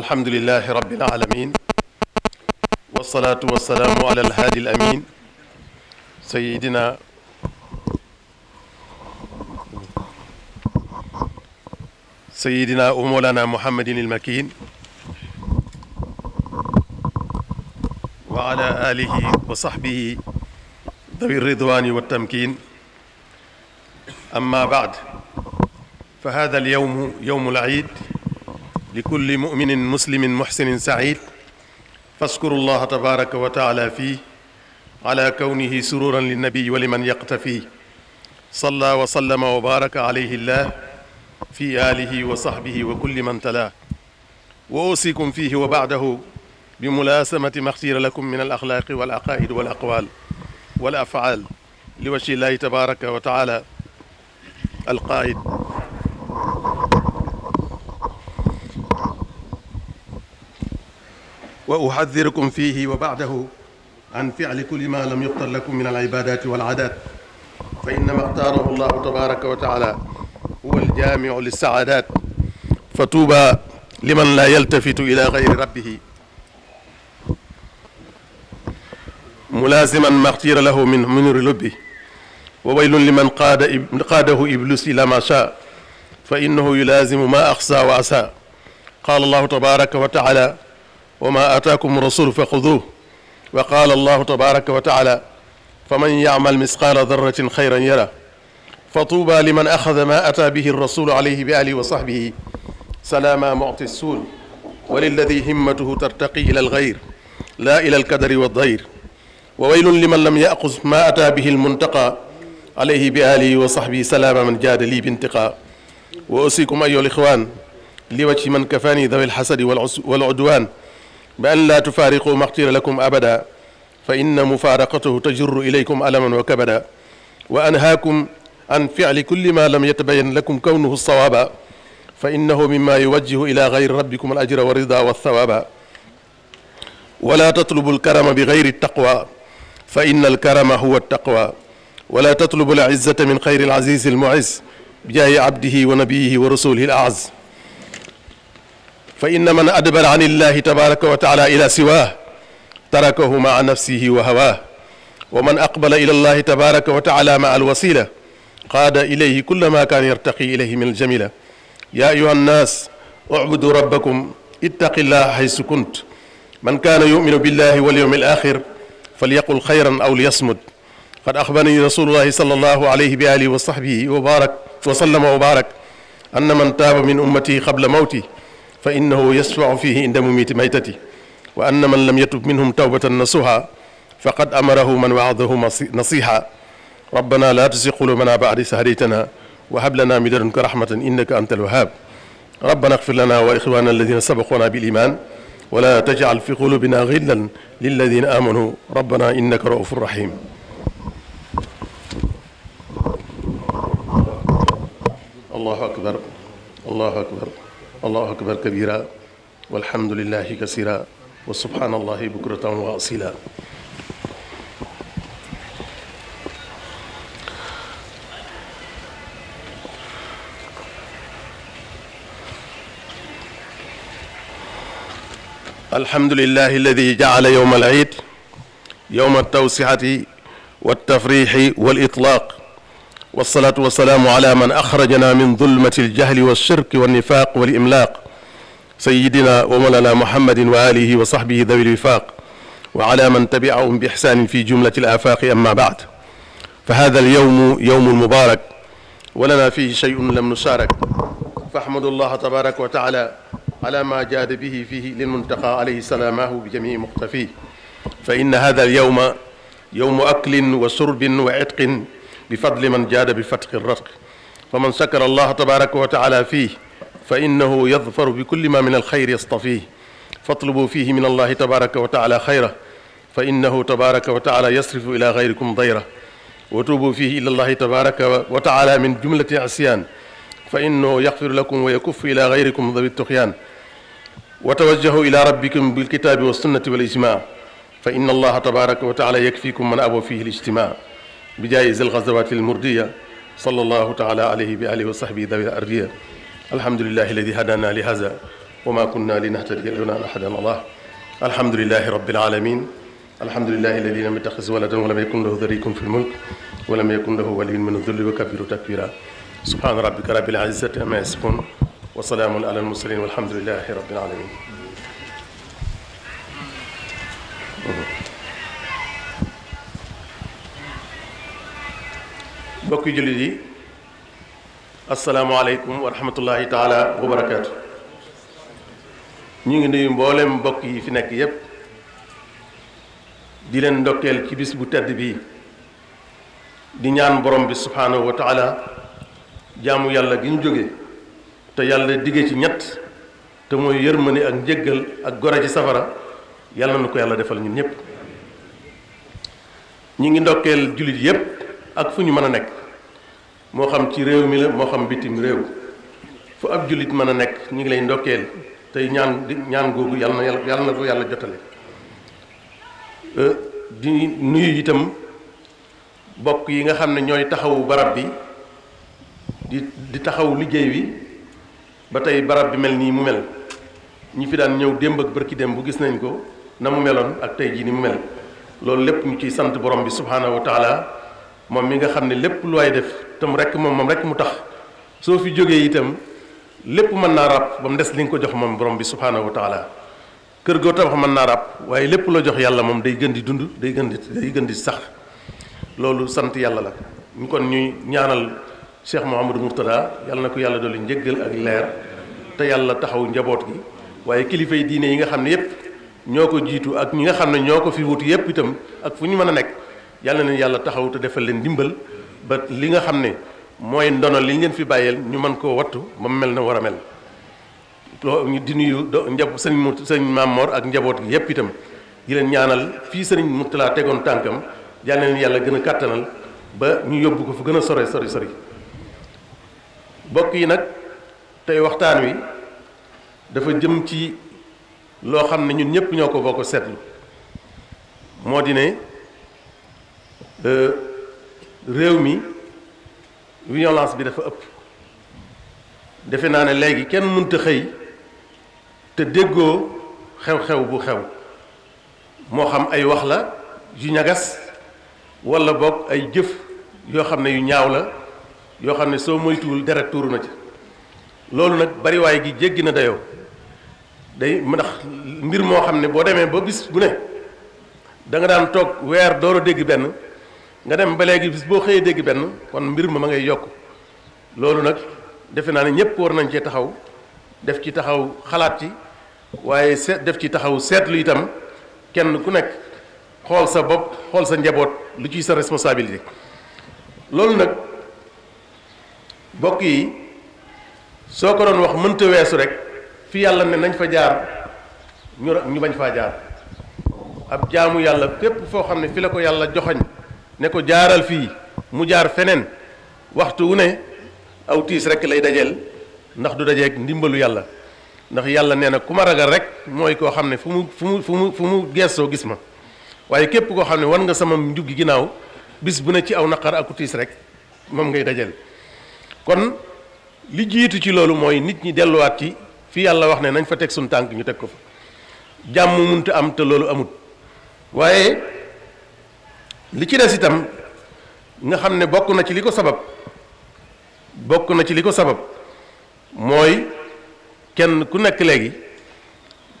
الحمد لله رب العالمين والصلاة والسلام على الهادي الأمين سيدنا سيدنا أمولنا محمد المكين وعلى آله وصحبه ذوي الرضوان والتمكين أما بعد فهذا اليوم يوم العيد لكل مؤمن مسلم محسن سعيد فاذكروا الله تبارك وتعالى فيه على كونه سرورا للنبي ولمن يقتفيه صلى وسلم وبارك عليه الله في آله وصحبه وكل من تلاه وأوصيكم فيه وبعده بملاسمة ما اختير لكم من الأخلاق والعقائد والأقوال والأفعال لوجه الله تبارك وتعالى القائد وأحذركم فيه وبعده عن فعل كل ما لم يختر لكم من العبادات والعادات فإنما اختاره الله تبارك وتعالى هو الجامع للسعادات فطوبى لمن لا يلتفت إلى غير ربه ملازما ما اختير له من منر لبه وويل لمن قاد قاده إبلس إلى ما شاء فإنه يلازم ما أخسى وعسى قال الله تبارك وتعالى وما آتاكم الرسول فخذوه وقال الله تبارك وتعالى فمن يعمل مثقال ذرة خيرا يره فطوبى لمن أخذ ما أتى به الرسول عليه بآله وصحبه سلاما معطي السول وللذي همته ترتقي إلى الغير لا إلى الكدر والضير وويل لمن لم يأخذ ما أتى به المنتقى عليه بآله وصحبه سلام من جاد لي بانتقاء وأوصيكم أيها الإخوان لوجه من كفاني ذوي الحسد والعدوان بأن لا تفارقوا ما اختير لكم أبدا فإن مفارقته تجر إليكم ألما وكبدا وأنهاكم عن فعل كل ما لم يتبين لكم كونه الصواب فإنه مما يوجه إلى غير ربكم الأجر والرضا والثواب ولا تطلبوا الكرم بغير التقوى فإن الكرم هو التقوى ولا تطلبوا العزة من خير العزيز المعز بجاه عبده ونبيه ورسوله الأعز فإن من أدبر عن الله تبارك وتعالى إلى سواه تركه مع نفسه وهواه ومن أقبل إلى الله تبارك وتعالى مع الوسيلة قاد إليه كل ما كان يرتقي إليه من الجميلة يا أيها الناس اعبدوا ربكم اتق الله حيث كنت من كان يؤمن بالله واليوم الآخر فليقل خيرا أو ليصمد قد أخبرني رسول الله صلى الله عليه وآله وصحبه وبارك وسلم وبارك أن من تاب من أمتي قبل موته فإنه يشفع فيه عند مميت ميتته وأن من لم يتب منهم توبة نصوها فقد أمره من وعظه نصيحة ربنا لا تزغ قلوبنا بعد إذ هديتنا وهب لنا من لدنك رحمة إنك أنت الوهاب ربنا اغفر لنا وإخواننا الذين سبقونا بالإيمان ولا تجعل في قلوبنا غلا للذين آمنوا ربنا إنك رؤوف رحيم الله أكبر الله أكبر الله أكبر كبيرا والحمد لله كثيرا وسبحان الله بكرة وأصيلا الحمد لله الذي جعل يوم العيد يوم التوسعة والتفريح والإطلاق والصلاة والسلام على من أخرجنا من ظلمة الجهل والشرك والنفاق والإملاق سيدنا ومولانا محمد وآله وصحبه ذوي الوفاق وعلى من تبعهم بإحسان في جملة الآفاق أما بعد فهذا اليوم يوم مبارك ولنا فيه شيء لم نشارك فأحمد الله تبارك وتعالى على ما جاد به فيه للمنتقى عليه سلامه بجميع مقتفيه فإن هذا اليوم يوم أكل وشرب وعتق بفضل من جاد بفتح الرزق فمن شكر الله تبارك وتعالى فيه فإنه يظفر بكل ما من الخير يصطفيه فاطلبوا فيه من الله تبارك وتعالى خيره فإنه تبارك وتعالى يصرف إلى غيركم ضيره وتوبوا فيه إلى الله تبارك وتعالى من جملة عصيان فإنه يغفر لكم ويكف إلى غيركم ذوي التقيان وتوجهوا إلى ربكم بالكتاب والسنة والإجماع فإن الله تبارك وتعالى يكفيكم من أبوا فيه الاجتماع بجائز الغزوات المردية صلى الله تعالى عليه بآله وصحبه ذوي الأرجية الحمد لله الذي هدانا لهذا وما كنا لنهتدي لولا أن هدانا الله الحمد لله رب العالمين الحمد لله الذي لم يتخذ ولدا ولم يكن له ذريك في الملك ولم يكن له ولي من الذل وكبير تكبيرا سبحان ربك رب العزة عما يصفون وسلام على المرسلين والحمد لله رب العالمين. bokki jullit yi asalaamaaleykum wa rahmatullahi taala wa barakaatu ñu ngi nuyu mboolem mbokk yi fi nekk yépp di leen ndokkeel ci bis bu tedd bii di ñaan borom bi subhaanahu wa taala jaamu yàlla gi ñu jóge te yàlla digge ci ñett te mooy yërmande ak njëggal ak gore ci safara yàlla na ko yàlla defal ñun ñépp ñu ngi ndokkeel jullit yépp ak fu ñu mën a nekk moo xam ci réew mi la moo xam bitim réew fu ab jullit mën a nekk ñu ngi lay ndokkeel tey ñaan di ñaan googu yàlla na yàlla na ko yàlla jotale euh, di nuyu itam bokk yi nga xam ne ñooy taxawu barab bi di di taxawu liggéey bi ba tey barab bi mel nii mu mel ñi fi daan ñëw démb ak bërki démb gis nañ ko na mu meloon ak tey jii ni mu mel loolu lépp ñu ciy sant borom bi subhaanahu wa moom mi nga xam ne lépp lu waay def tam rekk moom moom rek mu tax soo fi jógee itam lépp mën naa ràpp ba mu des li nga ko jox moom borom bi subhaanahu wa taala kër goo tabax mën naa ràpp waaye lépp la jox yàlla moom day gën di dund day gën di day gën di sax loolu sant yàlla la ñu kon ñuy ñaanal Cheikh Mouhamadou Mourtada yàlla na ko yàlla dolli njëggal ak leer te yàlla taxaw njaboot gi waaye kilifa yi diine yi nga xam ne yépp ñoo ko jiitu ak ñi nga xam ne ñoo ko fi wut yépp itam ak fu ñu mën a nekk yàlla na yàlla taxaw te defal leen ndimbal ba li nga xam ne mooy ndono li ngeen fi bàyyeel ñu mën koo wattu ba mu mel na war a mel di nuyu njab sëñ mu sëñ Mamor ak njaboot gi yépp itam di leen ñaanal fii sëriñ laa tegoon tànkam yàlla na yàlla gën a kàttanal ba ñu yóbbu ko fu gën a sore sori sori bokk yi nag tey waxtaan wi dafa jëm ci loo xam ne ñun ñëpp ñoo ko bokk seetlu moo di ne Euh, réew mi violence bi dafa ëpp defe naa ne léegi kenn mënta xëy te déggoo xew-xew bu xew moo xam ay wax la yu ñagas walla boog ay jëf yoo xam ne yu ñaaw la yoo xam ne soo moytuwul deret tuuru na ci loolu nag bariwaay gi jéggi na dayoo day ndax mbir moo xam ne boo demee ba bis bu ne danga daan toog weer door dégg benn nga dem ba léegi bis boo xëyee dégg benn kon mbir ma ma ngay yokk loolu nag defe naa ne ñëpp war nañ cee taxaw def ci taxaw xalaat ci waaye seet def ci taxaw seetlu itam kenn ku nekk xool sa bopp xool sa njaboot lu ciy sa responsabilité loolu nag bokk yi soo ko doon wax mënta weesu rek fi yàlla ne nañ fa jaar ñu ñu bañ faa jaar ab jaamu yàlla fépp foo xam ne fi la ko yàlla joxañ ne ko jaaral fii mu jaar feneen waxtu wu ne aw tiis rek lay dajeel ndax du dajeeg ndimbalu yàlla ndax yàlla nee na ku ma ragal rek mooy koo xam ne fu mu fu mu fu mu fu mu geesoo gis ma waaye képp koo xam ne war nga sama njug gi ginnaaw bis bu ne ci aw naqar aku tiis rek moom ngay dajeel kon li jiitu ci loolu mooy nit ñi delluwaat ci fi yàlla wax ne nañ fa teg suñu tànk ñu teg ko fa jàmm munta am te loolu amut waaye li ci des itam nga xam ne bokk na ci li ko sabab bokk na ci li ko sabab mooy kenn ku nekk léegi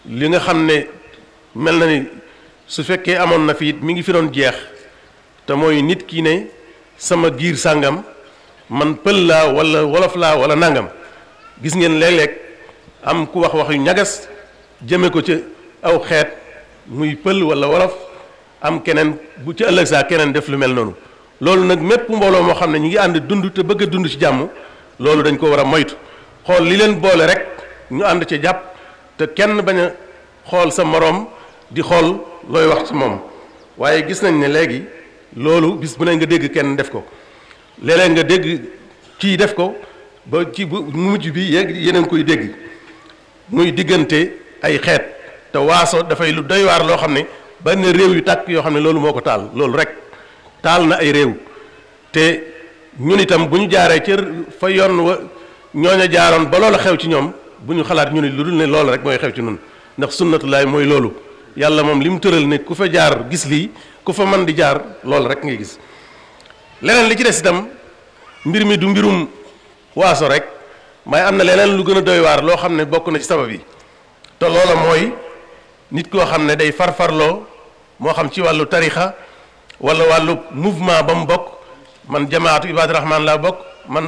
li nga xam ne mel na ni su fekkee amoon na fi it mi ngi fi doon jeex te mooy nit ki ne sama giir sàngam man pël laa walla wolof laa wala nangam gis ngeen léeg-léeg am ku wax wax yu ñagas jëme ko ci aw xeet muy pël walla wolof am keneen bu ci ëllëg saa keneen def lu mel noonu loolu nag mépp mbooloo moo xam ne ñu ngi ànd dund te bëgg a dund ci jàmm loolu dañ ko war a moytu xool li leen boole rek ñu ànd ci jàpp te kenn bañ a xool sa moroom di xool looy wax ci moom waaye gis nañ ne léegi loolu bis bu ne nga dégg kenn def ko léeg-léeg nga dégg kii def ko ba ci bu mujj bi yéeg yeneen koy dégg muy diggante ay xeet te waaso dafay lu doy waar loo xam ne ba réew yu tàkk yoo xam ne loolu moo ko taal loolu rek taal na ay réew te ñun itam bu ñu jaaree ca fa yoon wa ñooña jaaroon ba loola xew ci ñoom bu ñu xalaat ñu ne lu dul ne loolu rek mooy xew ci ñun ndax sunnatulaay mooy loolu yàlla moom li mu tëral ne ku fa jaar gis lii ku fa man di jaar lool rek ngay gis leneen li ci des itam mbir mi du mbirum waaso rek may am na leneen lu gën a doy waar loo xam ne bokk na ci sabab yi te loola mooy nit koo xam ne day farfarloo moo xam ci wàllu tarixa wala wàllu mouvement ba mu bokk man jamaatu ibad rahman laa bokk man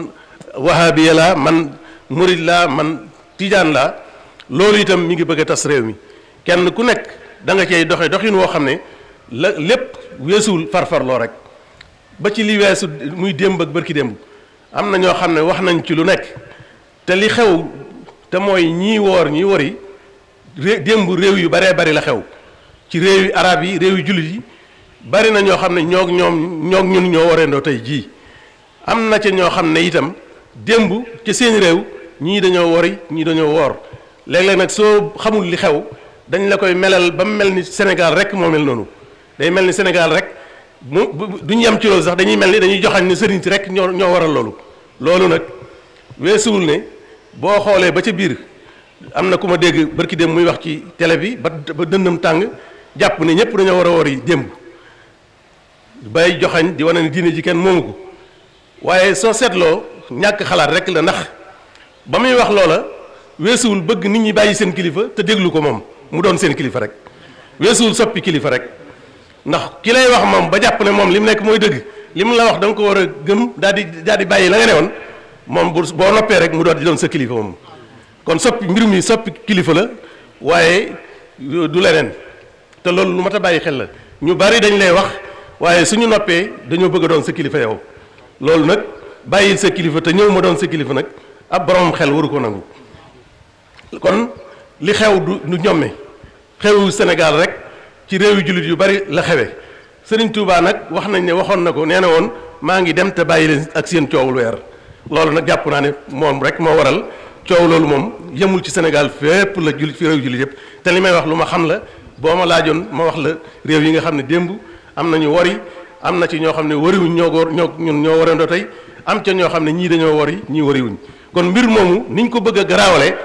wahabiya laa man murid laa man tijaan laa loolu itam mi ngi bëgg a tas réew mi kenn ku nekk da nga cay doxe doxin woo xam ne la lépp weesuwul farfarloo rek ba ci li weesu muy démb ak barki démb am na ñoo xam ne wax nañ ci lu nekk te li xew te mooy ñii woor ñi wori démb réew yu bare bari la xew ci réewi araab yi réewi jullit yi bari na ñoo xam ne ñoog ñoom ñoog ñun ñoo wareendoo tey jii am na ca ñoo xam ne itam démb ci seen réew ñii dañoo wori ñii dañoo woor léeg-léeg nag soo xamul li xew dañ la koy melal ba mu mel ni Sénégal rek moo mel noonu day mel ni Sénégal rek mu duñ yem ci loolu sax dañuy mel ni dañuy joxañ ne sëriñ si rek ñoo ñoo waral loolu loolu nag weesuwul ne boo xoolee ba ca biir am na ku ma dégg bërki dem muy wax ci télé bi ba ba dëndam tàng jàpp ne ñëpp dañoo war a war yi démb bay joxañ di wane ne diine ji kenn moomu ko waaye soo seetloo ñàkk xalaat rek la ndax ba muy wax loola weesuwul bëgg nit ñi bàyyi seen kilifa te déglu ko moom mu doon seen kilifa rek weesuwul soppi kilifa rek ndax ki lay wax moom ba jàpp ne moom li mu nekk mooy dëgg li mu la wax danga ko war a gëm daal di daal di bàyyi la nga ne woon moom bu boo noppee rek mu doon di doon sa kilifa moom kon soppi mbir mi soppi kilifa la waaye du leneen te loolu lu mat a bàyyi xel la ñu bari dañ lay wax waaye suñu noppee dañoo bëgg a doon sa kilifa yow loolu nag bàyyil sa kilifa te ñëw ma doon sa kilifa nag ab borom xel waru ko nangu kon li xew du ñomme xewu Sénégal rek ci réew julit yu bari la xewe Sëriñ Tuubaa nag wax nañ ne waxoon na ko nee na woon maa ngi dem te bàyyi leen ak seen coowul weer loolu nag jàpp naa ne moom rek moo waral coow loolu moom yemul ci Sénégal fépp la julit fi réew julit yëpp te li may wax lu ma xam la boo ma laajoon ma wax la réew yi nga xam ne démb am nañu wari am na ci ñoo xam ne wariwuñ ñoo góor ñoo ñun ñoo warandoo tey am ca ñoo ne ñii dañoo wari ñii wariwuñ kon mbir moomu niñ ko bëgg a garaawale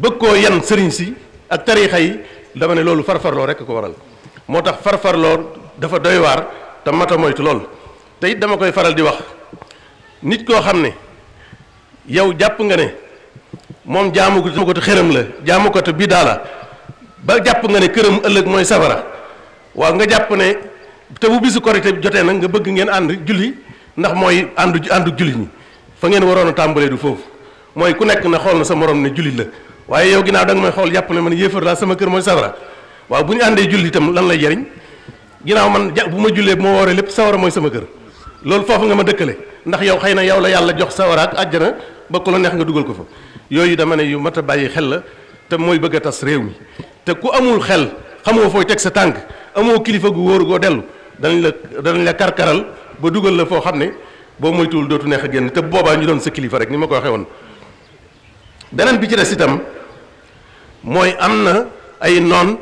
bëgg koo yan sëriñ si ak tariixa yi dama ne loolu farfarloo rek ko waral moo tax farfarloo dafa doy waar te mata moytu lool te it dama koy faral di wax nit koo xam ne yow jàpp nga ne moom jaamu ko te xërëm la jaamu ko te bidaa la ba jàpp nga ne këram ëllëg mooy safara waaw nga jàpp ne te bu bisu korité jotee nag nga bëgg ngeen ànd julli ndax mooy àndu àndu julli ñi fa ngeen waroon a tàmbalee du foofu mooy ku nekk na xool na sa morom ne jullit la waaye yow ginnaaw da nga may xool jàpp ne man yéefar laa sama kër mooy safara waaw bu ñu àndee julli itam lan lay jariñ ginnaaw man ja bu ma jullee moo ma wooree lépp sawara mooy sama kër loolu foofu nga ma dëkkale ndax yow xëy na yow la yàlla jox sawara ak àjjana ba neex nga dugal ko fa yooyu dama ne yu mat a bàyyi xel la te mooy bëgg a tas réew mi te ku amul xel xamoo fooy teg sa tànk amoo kilifa gu wóor dellu danañ la danañ la karkaral ba dugal la foo xam ne boo moytuwul dootu neex a génn te boobaa ñu doon sa kilifa rek ni ma ko waxee beneen bi ci des itam mooy am na ay noon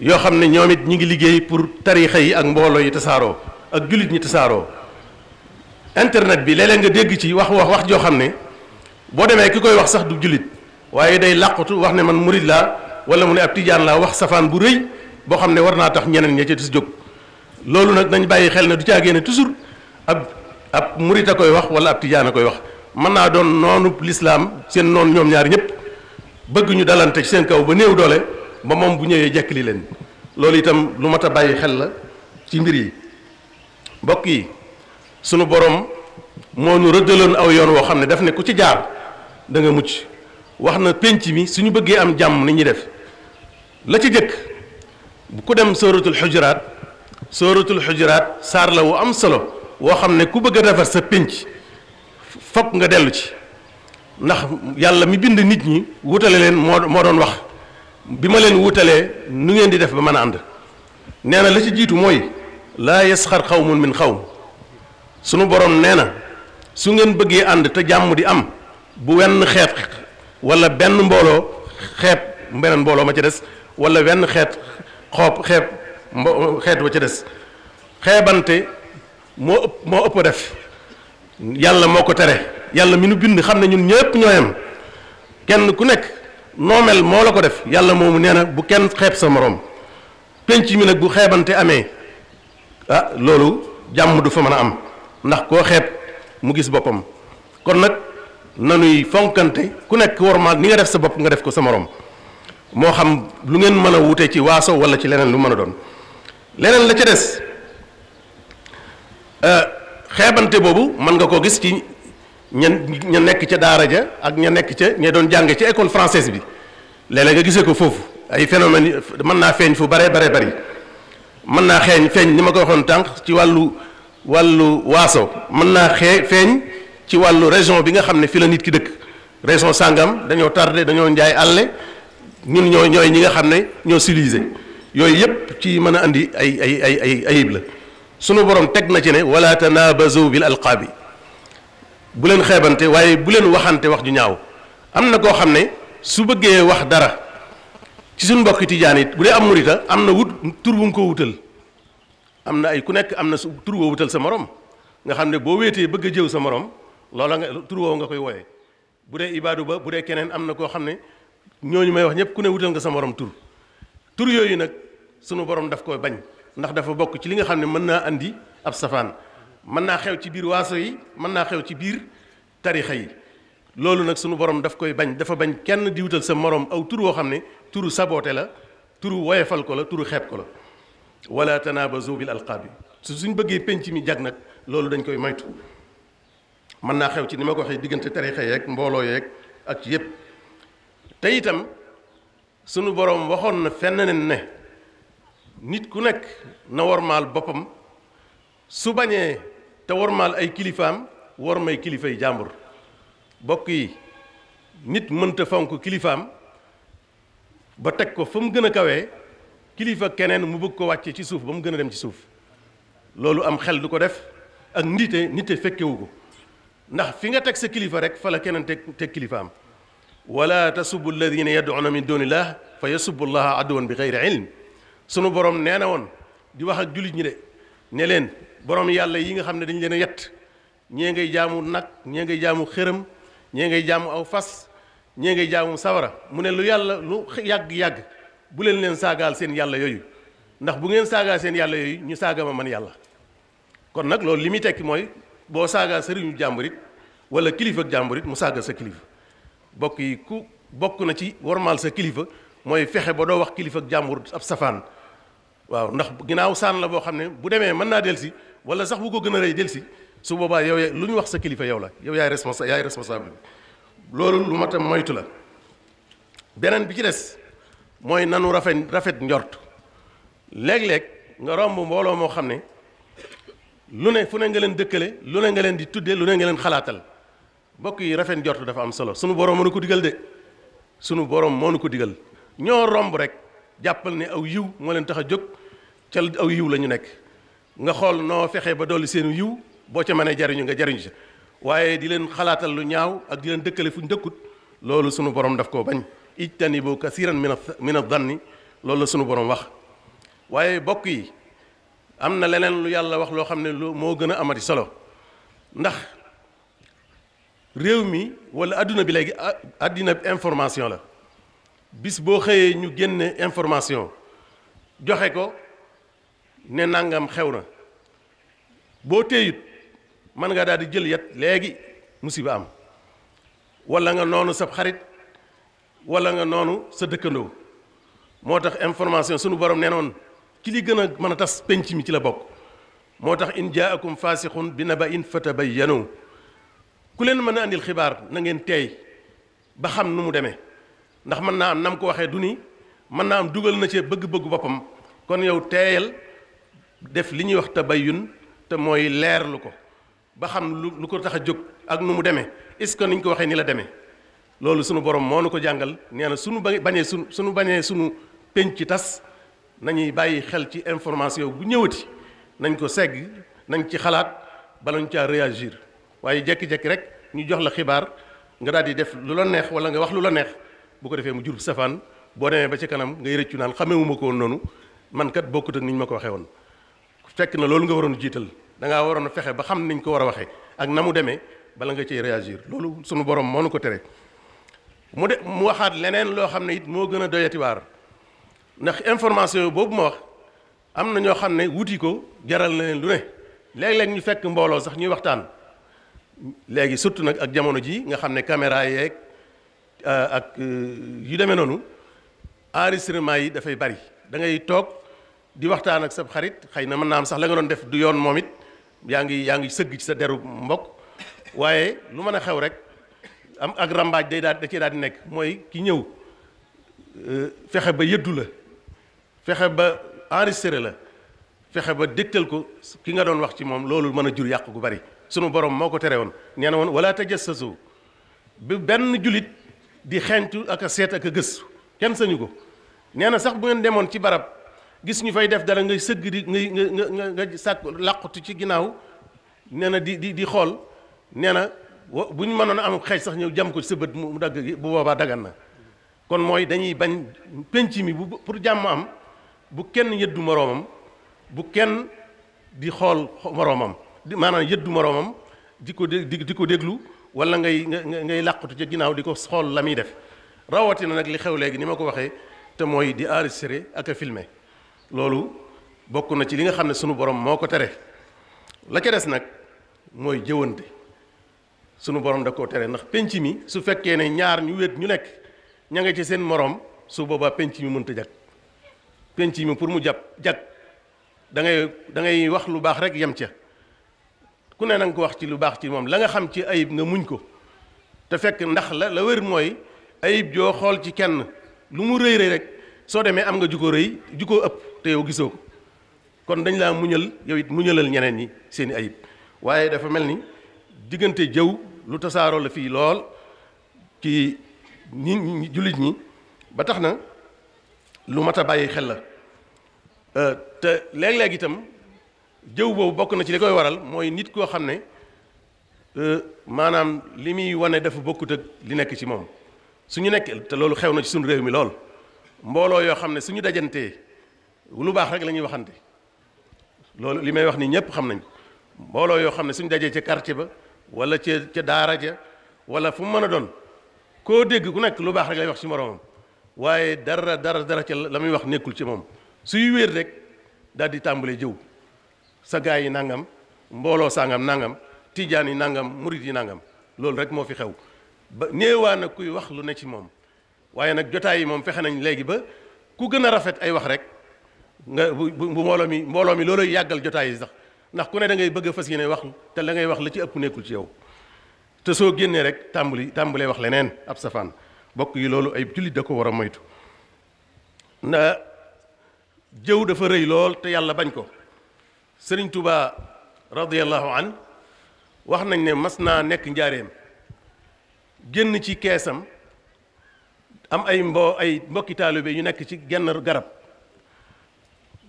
yoo xam ne ñoom it ñu ngi liggéey pour tariixa yi ak mbooloo yi tasaaroo ak jullit ñi tasaaroo internet bi léeg nga dégg ci wax wax wax joo xam ne boo demee ki koy wax sax du jullit. waaye day làqatu wax ne man murid laa wala mu ne ab tijaan laa wax safaan bu rëy boo xam ne war naa tax ñeneen ña ca des jóg loolu nag nañ bàyyi xel ne du caa toujours ab ab murit a koy wax wala ab tijaan a koy wax mën naa doon noonu lislaam seen noonu ñoom ñaar ñëpp bëgg ñu dalante ci seen kaw ba néew doole ba moom bu ñëwee jekkali leen loolu itam lu mata xel la ci mbir yi mbokk yi sunu borom moo ñu rëddaloon aw yoon woo xam ne daf ne ku ci jaar da nga mucc waxna na penc mi suñu bëggee am jàmm ni ñuy def la ci jëkk bu ko dem sooratul xujuraat sooratul xujuraat saar la wu am solo woo xam ne ku bëgg a defar sa penc fokk nga dellu ci ndax yàlla mi bind nit ñi wutale leen moo moo doon wax bi ma leen wutalee nu ngeen di def ba mën a ànd nee na la ci jiitu mooy laa yasxar xawmun min xawm sunu borom nee na su ngeen bëggee ànd te jàmm di am bu wenn xeet wala benn mbooloo xeeb beneen mbooloo ma ca des wala benn xeet xoob xeeb mbo xeet wa ca des xeebante moo ëpp moo ëpp def yàlla moo ko tere yàlla mi nu bind xam ne ñun ñëpp ñoo yem kenn ku nekk noomel moo la ko def yàlla moomu nee na bu kenn xeeb sa moroom penc mi nag bu xeebante amee ah loolu jàmm du fa mën a am ndax koo xeeb mu gis boppam kon nag nanuy fonkante ku nekk war ma ni nga def sa bopp nga def ko sa morom moo xam lu ngeen mën a wute ci waaso wala ci leneen lu mën a doon leneen la ca des euh, xeebante boobu mën nga koo gis ci ña ña nekk ca daara ja ak ña nekk ca ña doon jànge ca école francaise bi léeg nga gisee ko foofu ay phénomène mën naa feeñ fu bare bare bari mën naa xeeñ feeñ ni ma ko waxoon tànk ci wàllu wàllu waaso mën naa xee feeñ ci walu région bi nga xamne fi la nit ki dëkk région sàngam dañu tardé dañu njaay àlle ñun ñoy ñoy ñi nga xamne ño civiliser yoy yooyu yépp ci mëna andi ay ay ay ay ayib la sunu borom tek na ci ne wala tanabazu bil alqabi bu len xébanté waye bu len waxante wax ju ñaaw amna ko xamne su bëggé wax dara ci suñ mbokk tidiane bu dé am mourita amna wut tur bu mu ko wutal am ay ku nek amna na tur boo wutal sa morom nga xamne bo wété wéetee bëgg jëw sa morom loolu nga tur woowu nga koy wooyee bu dee ibaadu ba bu dee keneen am na koo xam ne ñooñu may wax ñëpp ku ne wutal nga sa morom tur tur yooyu nag sunu borom daf koy bañ ndax dafa bokk ci li nga xam ne mën naa andi ab safaan mën naa xew ci biir waaso yi mën naa xew ci biir tarixa yi loolu nag sunu borom daf koy bañ dafa bañ kenn di wutal sa morom aw tur woo xam ne tur saboote la tur woyefal ko la tur xeeb ko la wala tanaabazu bil alqaabi su suñ bëggee penc mi jag nag loolu dañ koy maytu mën naa xew ci ni ma ko waxee diggante tarixa yeeg mbooloo yeek ak yépp te itam sunu boroom waxoon na fenn nen ne nit ku nekk na wormaal boppam su bañee te wormaal ay kilifaam war may kilifay jàmbur bokk yi nit mënta fonk kilifaam ba teg ko fa mu gën a kawee kilifa keneen mu bëgg ko wàccee ci suuf ba mu gën a dem ci suuf loolu am xel du ko def ak nite nit fekkewu ko ndax fi nga teg sa kilifa rek fa la keneen teg teg kilifaam wala tasubu alladina yad'una min dunillah fa yasubu allaha aduwan bi xayri ilm sunu borom nee na woon di wax ak jullit ñi de ne leen borom yàlla yi nga xam ne dañ leen a yett ñee ngay jaamu nag ñee ngay jaamu xërëm ñee ngay jaamu aw fas ñee ngay jaamu sawara mu ne lu yàlla lu yàgg-yàgg bu leen leen saagaal seen yàlla yooyu ndax bu ngeen saagaal seen yàlla yooyu ñu saaga ma man yàlla kon nag loolu li muy tekki mooy bo saga serigne jàmbur wala kilifa ak jàmbur mu saga sa kilifa bokki ku bokku na ci wormal sa kilifa moy fexe ba do wax kilifa ak ab safaan waaw ndax ginaaw san la bo xamné bu démé man na delsi wala sax bu ko gëna reey delsi su boba yow luñ wax sa kilifa yow la yow yaay responsable yaay responsable lolu lu mat moytu la benen bi ci dess moy nanu rafet rafet ndort leg leg nga romb mbolo mo xamné lune fune nga len dëkkale lune nga len di tuddé lune nga len khalatal bokk yi rafen jortu dafa am solo sunu borom mënu ko digal de sunu borom moo ko digal ño romb rek jàppal ni aw yiw mo len taxa a jóg ca aw yiw lañu nek nga xol no fexe ba doli seen yiw bo ci mané jariñu nga jariñu ci waye di len khalatal lu ñaaw ak di len dëkkale fu dëkkut sunu borom daf ko bañ ijtanibu kaseeran min min a sunu borom wax waye bokk yi am na leneen lu yàlla wax loo xam ne lu moo gën a amati solo ndax réew mi wala àdduna bi léegi àddina ah, bi information la bis boo xëyee ñu génne information joxe ko ne nangam xew na boo téyit mën nga daal di jël yat léegi musiba am wala nga noonu sa xarit wala nga noonu sa dëkkandoo moo tax information sunu borom nee noonu ci li gën a mën a tas pénc mi ci la bokk moo tax in jaakum faasixun bi naba'in fatabayyanu ku leen mën a andil xibaar na ngeen teey ba xam nu mu demee ndax mën naa am nam ko waxee du ni mën naa am dugal na ci bëgg-bëggu boppam kon yow teeyal def li ñuy wax tabayyun te mooy leerlu ko ba xam lu lu ko tax a jóg ak nu mu demee est-ce que niñ ko waxee ni la demee loolu sunu borom moo nu ko jàngal nee na sunu bañee sunu sunu bañee sunu penc tas nañuy bàyyi xel ci information bu ñëwati nañ ko segg nañ ci xalaat bala ñu caa réagir waaye jekki-jekki rek ñu jox la xibaar nga daal di def lu la neex wala nga wax lu la neex bu ko defee mu jur safaan boo demee ba ci kanam ngay rëccu naan xamewuma ko woon noonu man kat bokkut ak ni ñu ma ko waxee woon. fekk na loolu nga waroon jiital da waroon a fexe ba xam niñ ko war a waxee ak na mu demee bala nga ciy réagir loolu sunu borom moo nu ko tere mu de mu waxaat leneen loo xam ne it moo gën a doyati waar ndax information boobu ma wax am na ñoo xam ne wuti ko jaral na leen lu ne léeg-léeg ñu fekk mbooloo sax ñuy waxtaan léegi surtout nag ak jamono ji nga xam ne caméra yeeg euh, ak euh, yu demee noonu enregistrement yi dafay bari da ngay toog di waxtaan ak sa xarit xëy na mën naa am sax la nga doon def du yoon moom it yaa ngi yaa ngi sëgg ci sa deru mbokk waaye lu mën a xew rek am ak rambaaj day daal da cee daal di nekk mooy ki ñëw euh, fexe ba yëddu la fexe ba enregistré la fexe ba dégtal ko ki nga doon wax ci moom loolu mën a jur yàq gu bari sunu borom moo ko tere woon nee na woon sa tajassasu bi benn julit di xeeñtu ak a seet ak a gës kenn sañu ko nee na sax bu ngeen demoon ci barab gis ñu fay def dara ngay sëgg di ngay nga nga nga sàkk làqutu ci ginnaaw nee na di di di xool nee na bu ñu mënoon a am xeej sax ñëw jam ko ci sa bët mu dagg bu boobaa daggan na kon mooy dañuy bañ penc mi bu pour jàmm am bu kenn yëddu moroomam bu kenn di xool moroomam di maanaam yëddu moroomam di ko di ko déglu wala ngay ngay làqatu ca ginnaaw di ko xool la muy def rawatina nag li xew léegi ni ma ko waxee te mooy di enregistré ak a filmé loolu bokk na ci li nga xam ne sunu borom moo ko tere la ca des nag mooy jëwante sunu borom da koo tere ndax penc mi su fekkee ne ñaar ñu wéet ñu nekk ña nga ci seen moroom su boobaa penc mi mënta jag penc mi pour mu jàpp jag dangay dangay wax lu baax rek yem ca ku ne na ko wax ci lu baax ci moom la nga xam ci ayib nga muñ ko te fekk ndax la la wér mooy ayib joo xool ci kenn lu mu rëy rëy rek soo demee am nga ju ko rëy ju ko ëpp te yow gisoo ko kon dañ laa muñal yow it muñalal ñeneen ñi seeni i ayib waaye dafa mel ni diggante jëw lu tasaaroo la fii lool ci ñi jullit ñi ba tax na lu mat a bàyyi xel la Euh, te léeg-léeg itam jëw boobu bokk na ci li koy waral mooy nit koo xam ne euh, maanaam li muy wane dafa bokkut ak li nekk ci moom suñu nekkee te loolu xew na ci suñu réew mi lool mbooloo yoo xam ne suñu dajantee lu baax rek la ñuy waxante loolu li may wax nii ñëpp xam nañ mbooloo yoo xam ne suñ dajee ca quartier ba wala ca ca daara ja wala fu mu mën a doon koo dégg ku nekk lu baax rek lay wax ci moroomam waaye dara dara dara ca la muy wax nekkul ci moom suy wéer rek daal di tàmbale jëw sa gaa yi nangam mbooloo sangam nangam tiijaan yi nangam murit yi nangam loolu rek moo fi xew ba néewaa na kuy wax lu ne ci moom waaye nag jotaay yi moom fexe nañ léegi ba ku gën a rafet ay wax rek nga bu bu mbooloo mi mbooloo mi loolooy yàggal jotaay yi sax ndax ku ne dangay bëgg fas fas ne wax te la ngay wax la ci ëpp nekkul ci yow te soo génnee rek tàmbali tàmbalee wax leneen ab safaan bokk yi loolu ay jullit da ko war a moytu jëw dafa rëy lool te yàlla bañ ko sëriñ Touba radiyallahu an wax nañ ne mas naa nekk njaareem génn ci keesam am ay mbo ay mbokki taalibe ñu nekk ci genn garab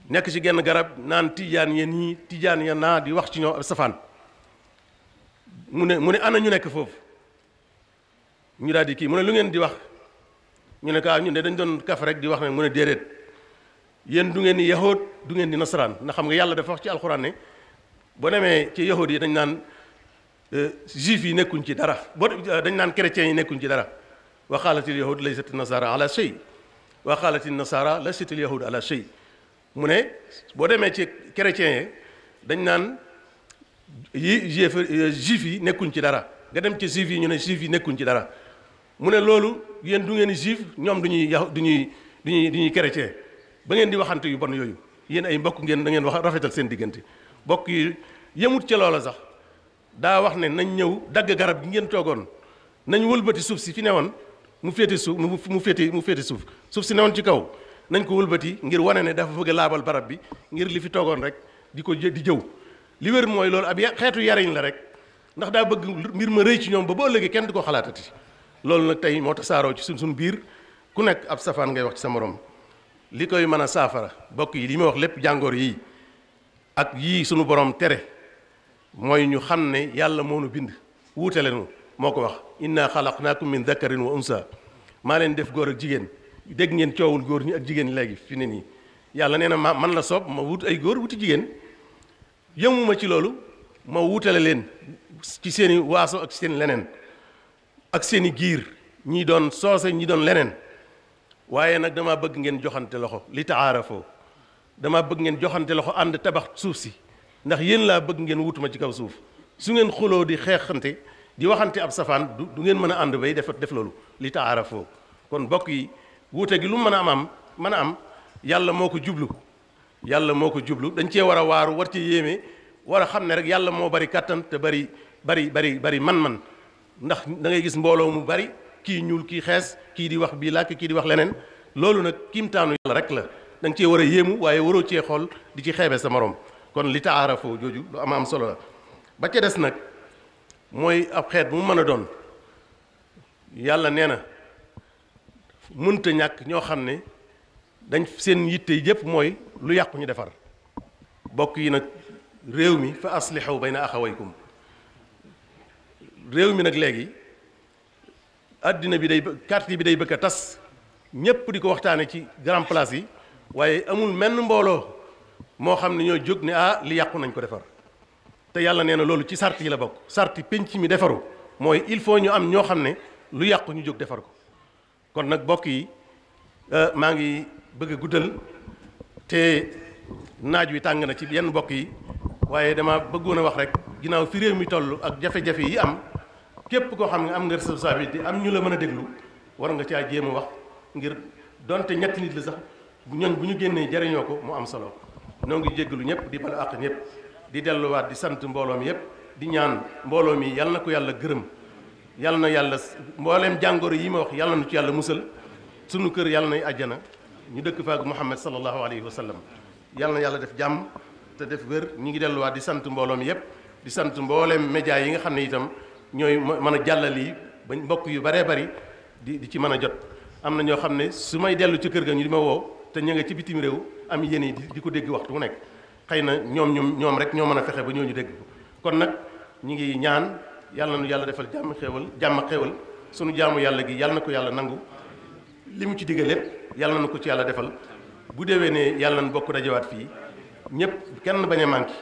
nekk ci genn garab naan tiijaan ya nii tijaan ya naa di wax ci ñoom ab safaan mu ne mu ne ana ñu nekk foofu ñu daal di kii mu ne lu ngeen di wax ñu ne kaa ah, ñu ne dañ doon kaf rek di wax ne mu ne déedéet yen du ngeen ni du ngeen ni nasaraan ndax xam nga yàlla dafa wax ci alquran ne bo neme ci yahood yi dañ naan juif yi nekkuñ ci dara bo dañ nan chrétien yi nekkuñ ci dara wa khalatil yahud laysat nasara ala shay wa khalatil nasara laysat al yahud ala shay mune bo deme ci chrétien yi dañ nan yi juif yi nekkuñ ci dara nga dem ci juif yi ñu ne juif yi nekkuñ ci dara mune lolu yen du ngeen juif ñom duñuy duñuy duñuy chrétien ba ngeen di waxante yu bon yooyu yenn ay mbokk ngeen da ngeen wax rafetal seen diggante mbokk yi yemut ci loola sax daa wax ne nañ ñëw dagg garab gi ngeen toogoon nañ wëlbati suuf si fi newoon mu féete suuf mu féete mu féete suuf suuf si newoon ci kaw nañ ko wëlbati ngir wane ne dafa bëgg laabal barab bi ngir li fi toogoon rek di ko di jëw li wér mooy loolu ab xeetu yariñ la rek ndax daa bëgg mbir ma rëy ci ñoom ba boo léegi kenn du ko xalaatati loolu nag tey moo tasaaroo ci suñ suñ biir ku nekk ab safaan ngay wax ci sa morom li koy mën a saafara bokk yi li ma wax lépp jàngoor yii ak yii sunu borom tere mooy ñu xam ne yàlla moo nu bind wuutale nu moo ko wax inna xalaqnaakum min dakarin wa unsa maa leen def góor ak jigéen dégg ngeen coowul góor ñi ak jigéen léegi fi ne nii yàlla nee na ma man la soob ma wut ay góor wuti jigéen yëmuma ci loolu ma wutale leen ci seeni waaso ak seen leneen ak seeni giir ñii doon soose ñi doon leneen waaye nag damaa bëgg ngeen joxante loxo li taxaarafoo damaa bëgg ngeen joxante loxo ànd tabax suuf si ndax yéen laa bëgg ngeen wutuma ci kaw suuf su ngeen xuloo di xeexante di waxante ab safaan du ngeen mën a ànd bay def def loolu li taxaarafoo kon bokk yi wuute gi lu mën a am am mën a am yàlla moo ko jublu yàlla moo ko jublu dañ cee war a waaru war ci yéeme war a xam ne rek yàlla moo bari kàttan te bari bari bari bari man-man ndax dangay gis mbooloo mu bari kii ñuul kii xees kii di wax bii làkk kii di wax leneen loolu nag kiimtaanu yàlla rek la da nga cee war a yéemu waaye waroo cee xool di ci xeebe sa moroom kon li taarafoo jooju lu am am solo la ba ca des nag mooy ab xeet mu mën a doon yàlla nee na mënta ñàkk ñoo xam ne dañ seen yitte yëpp mooy lu yàqu ñu defar bokk yi nag réew mi fa aslihu bayna axawaykum réew mi nag léegi àddina bi day quartier bi day bëgg a tas ñëpp di ko waxtaane ci grand place yi waaye amul menn mbooloo moo xam ne ñoo jóg ne ah li yàqu nañ ko defar te yàlla nee na loolu ci sart yi la bokk sart yi mi defaru mooy il faut ñu am ñoo xam ne lu yàqu ñu jóg defar ko kon nag bokk yi euh, maa ngi bëgg guddal te naaj wi tàng na ci yenn mbokk yi waaye dama bëggoon a wax rek ginnaaw fi réew mi toll ak jafe-jafe yi am képp koo xam ne am nga responsabilité am ñu la mën a déglu war nga caa jéem a wax ngir donte ñett nit la sax bu ñooñ bu ñu génnee jariñoo ko mu am solo noo ngi jéggalu ñëpp di bal àq ñëpp di delluwaat di sant mbooloo mi yëpp di ñaan mbooloo mi yal na ko yàlla gërëm yal na yàlla mbooleem jàngoro yi ma wax yal na nu ci yàlla musal sunu kër yal nay àjjana ñu dëkk faak Muhammad sallallahu alayhi wa sallam yal na yàlla def jàmm te def wér ñi ngi delluwaat di sant mbooloo mi yëpp di sant mbooleem média yi nga xam ne itam ñooy mën a jàllal yi bañ mbokk yu baree bari di di ci mën a jot am na ñoo xam ne su may dellu ci kër ga ñu di ma woo te ña nga ci bitim réew am yéen yi di ko dégg waxtu mu nekk xëy na ñoom ñoom ñoom rek ñoo mën a fexe ba ñoo ñu dégg kon nag ñu ngi ñaan yàlla nu yàlla defal jàmm xéewal jàmm xéewal suñu jaamu yàlla gi yàlla na ko yàlla nangu li mu ci digga lépp yàlla na ko ci yàlla defal bu dewee ne yàlla na bokk dajawaat fii ñëpp kenn bañ a manqué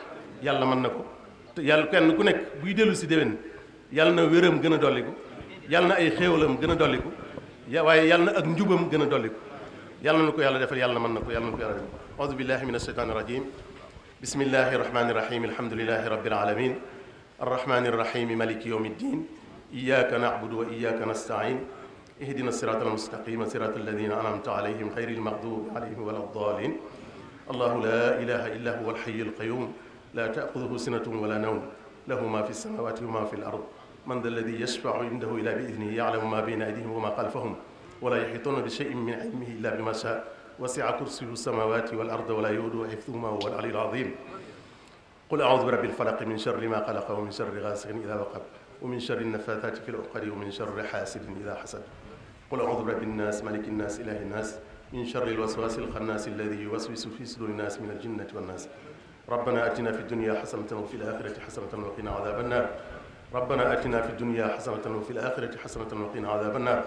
yàlla mën na ko te yàlla kenn ku nekk buy dellu si déwén يالنا ويرم غنا دوليكو يالنا اي خيولم غنا دوليكو يا واي يالنا اك نجوبم غنا يالنا نكو يالا ديفال يالنا مان نكو يالنا نكو اعوذ بالله من الشيطان الرجيم بسم الله الرحمن الرحيم الحمد لله رب العالمين الرحمن الرحيم مالك يوم الدين اياك نعبد واياك نستعين اهدنا الصراط المستقيم صراط الذين انعمت عليهم غير المغضوب عليهم ولا الضالين الله لا اله الا هو الحي القيوم لا تاخذه سنه ولا نوم له ما في السماوات وما في الارض من ذا الذي يشفع عنده إلا بإذنه يعلم ما بين أيديهم وما خلفهم ولا يحيطون بشيء من علمه إلا بما شاء وسع كرسيه السماوات والأرض ولا يؤود حفظهما وهو العلي العظيم قل أعوذ برب الفلق من شر ما خلق ومن شر غاسق إذا وقب ومن شر النفاثات في العقد ومن شر حاسد إذا حسد قل أعوذ برب الناس ملك الناس إله الناس من شر الوسواس الخناس الذي يوسوس في صدور الناس من الجنة والناس ربنا أتنا في الدنيا حسنة وفي الآخرة حسنة وقنا عذاب النار ربنا أتنا في الدنيا حسنة وفي الآخرة حسنة وقنا عذاب النار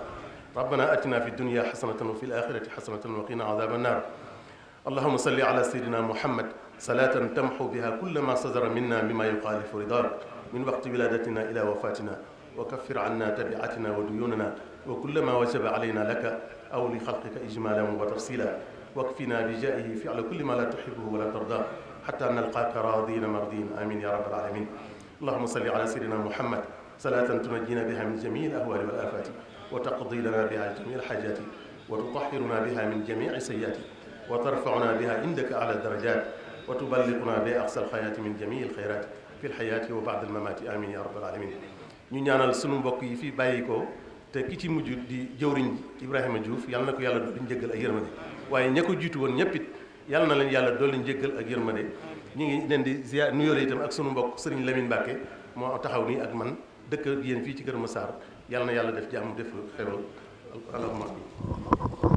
ربنا أتنا في الدنيا حسنة وفي الآخرة حسنة وقنا عذاب النار اللهم صل على سيدنا محمد صلاة تمحو بها كل ما صدر منا مما يخالف رضاك من وقت ولادتنا إلى وفاتنا وكفر عنا تبعتنا وديوننا وكل ما وجب علينا لك أو لخلقك إجمالا وتفصيلا واكفنا بجائه فعل كل ما لا تحبه ولا ترضاه حتى نلقاك راضين مرضين آمين يا رب العالمين اللهم صل على سيدنا محمد صلاة تنجينا بها من جميع الأهوال والآفات وتقضي لنا بها جميع الحاجات وتطهرنا بها من جميع السيئات وترفعنا بها عندك أعلى الدرجات وتبلغنا بها أقصى الحياة من جميع الخيرات في الحياة وبعد الممات آمين يا رب العالمين ñu ñaanal sunu mbokk yi fi bàyyi te ki ci mujj di jëwriñ Ibrahima Diouf yàlla na ko yàlla dolli njëggal ak yërmande waaye ña ko jiitu woon ñëpp yàlla na leen yàlla dolli njëggal ak yërmande ñu ngi leen di ziar nuyoo itam ak sunu mbokk Serigne Lamine Mbacke moo taxaw nii ak man dëkk yéen fii ci Kër Massar yàlla na yàlla def jàmm def xewal allahumma